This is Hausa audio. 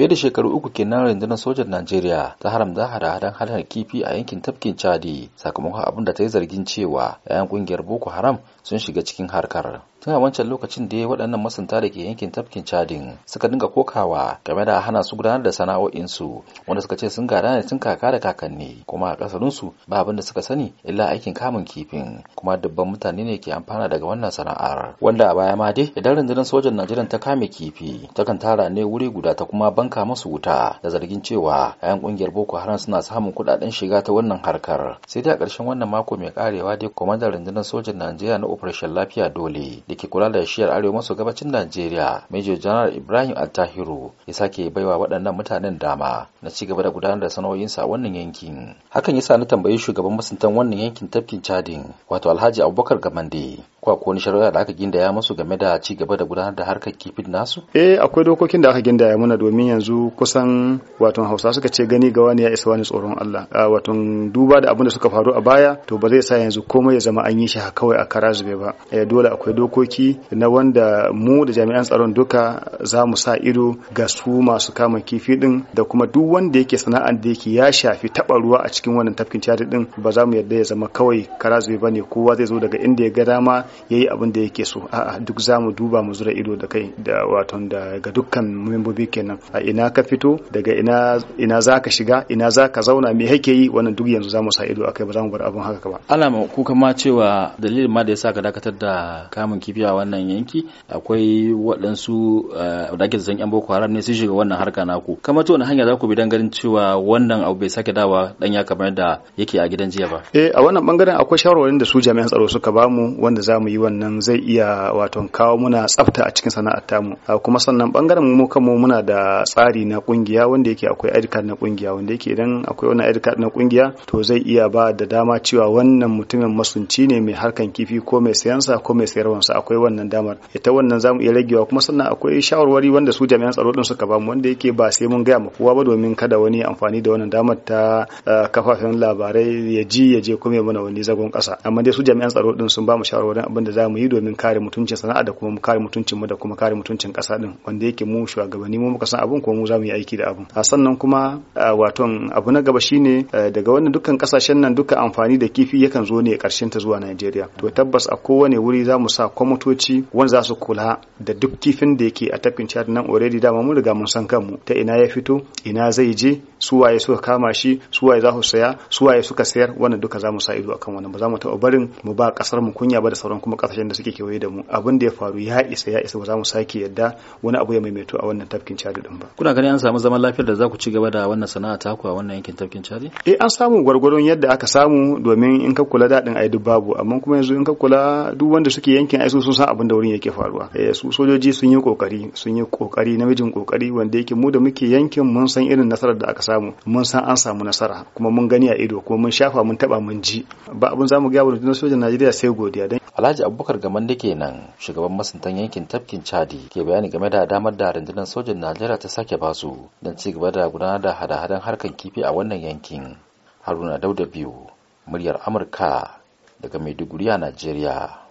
fiye da shekaru uku kenan rundunar sojan najeriya ta haramta hada-hadan halar kifi a yankin tafkin chadi sakamakon abin da ta yi zargin cewa 'ya'yan kungiyar boko haram sun shiga cikin harkar tun a wancan lokacin da waɗannan masunta da ke yankin tafkin chadin suka dinga kokawa game da hana su gudanar da sana'o'insu wanda suka ce sun gada ne tun kaka da kakanni kuma a ƙasarinsu ba abin da suka sani illa aikin kamun kifin kuma dubban mutane ne ke amfana daga wannan sana'ar wanda a baya ma dai idan rundunar sojan najeriya ta kame kifi takan tara ne wuri guda ta kuma banka masu wuta da zargin cewa 'yan ƙungiyar boko haram suna samun kuɗaɗen shiga ta wannan harkar sai dai a ƙarshen wannan mako mai karewa dai kwamandan rundunar sojan najeriya na operation lafiya dole da ke kula da shiyar arewa maso gabacin Najeriya, Major General Ibrahim Altahiru ya sake baiwa waɗannan mutanen dama na ci gaba da gudanar da sana'o'insa a wannan yankin. Hakan ya sa na tambayi shugaban masuntan wannan yankin tafkin Chadin, wato Alhaji Abubakar Gamande, ko wani shari'a da aka gindaya musu game da ci gaba da gudanar da harkar kifin nasu? Eh akwai dokokin da aka gindaya muna domin yanzu kusan wato Hausa suka ce gani ga wani ya isa wani tsoron Allah. Wato duba da abin da suka faru a baya to ba zai sa yanzu komai ya zama an yi shi kawai a Karazube zube ba. Eh, dole akwai dokoki na wanda mu da jami'an tsaron duka za mu sa ido ga su masu kama kifi din da kuma duk wanda yake sana'ar da yake ya shafi taba ruwa a cikin wannan tafkin tiyatar din ba za mu yarda ya zama kawai kara zube ne. kowa zai zo daga inda ya ga dama yayi abin da yake so a'a duk za duba mu zura ido da kai da waton da ga dukkan membobi kenan a ina ka fito daga ina ina zaka shiga ina zaka zauna me yake yi wannan duk yanzu za mu sa ido akai ba za bar abin haka ba alama ku kama cewa dalilin ma da yasa ka dakatar da kamun kifi a wannan yanki akwai waɗansu eh, da ake zan yan boko haram ne sun shiga wannan harka naku kamar to wani hanya za ku bi dan ganin cewa wannan abu bai sake dawa dan ya kamar da yake a gidan jiya ba eh a wannan bangaren akwai shawarwarin da su jami'an tsaro suka bamu wanda za zamu mu yi wannan zai iya wato kawo muna tsafta a cikin sana'ar tamu kuma sannan bangaren mu kanmu muna da tsari na kungiya wanda yake akwai ID na kungiya wanda yake idan akwai wannan ID na kungiya to zai iya ba da dama cewa wannan mutumin masunci ne mai harkan kifi ko mai sayansa ko mai sa akwai wannan damar ita wannan za mu iya ragewa kuma sannan akwai shawarwari wanda su jami'an tsaro din suka bamu wanda yake ba sai mun gaya ma kowa ba domin kada wani amfani da wannan damar ta eh, kafafen labarai ya ji ya je kuma ya mana wani zagon kasa amma dai su jami'an tsaro din sun ba mu shawarwarin abin da za mu yi domin kare mutuncin sana'a da kuma kare mutuncin mu da kuma kare mutuncin kasa din wanda yake mu shugabanni mu muka san abin kuma mu za mu yi aiki da abin a sannan kuma waton abu na gaba shine daga wannan dukkan kasashen nan duka amfani da kifi yakan zo ne karshen ta zuwa Najeriya to tabbas a kowane wuri za mu sa kwamotoci wanda za su kula da duk kifin da yake a tafin chat nan already dama mun riga mun san kanmu ta ina ya fito ina zai je su waye suka kama shi su waye za su saya su waye suka sayar wannan duka za mu sa ido akan wannan ba za mu taɓa barin mu ba kasar mu kunya ba da sauran kuma kasashen da suke kewaye da mu abin da ya faru ya isa ya isa ba za mu sake yadda wani abu ya maimaito a wannan tafkin cari din ba kuna ganin an samu zaman lafiyar da za ku ci gaba da wannan sana'a ta ku a wannan yankin tafkin cari eh an samu gwargwaron yadda aka samu domin in ka kula daɗin ai duk babu amma kuma yanzu in ka kula duk wanda suke yankin ai sun san abin da wurin yake faruwa eh su sojoji sun yi kokari sun yi kokari namijin kokari wanda yake mu da muke yankin mun san irin nasarar da aka samu mun san an samu nasara kuma mun gani a ido kuma mun shafa mun taba mun ji ba abin mu ga wa sojan Najeriya sai godiya alhaji abubakar gamande kenan shugaban masuntan yankin tafkin chadi ke bayani game da damar da rundunar sojan najeriya ta sake basu don ci gaba da gudanar da hada-hadan harkar kifi a wannan yankin haruna dauda biyu muryar amurka daga maiduguri a najeriya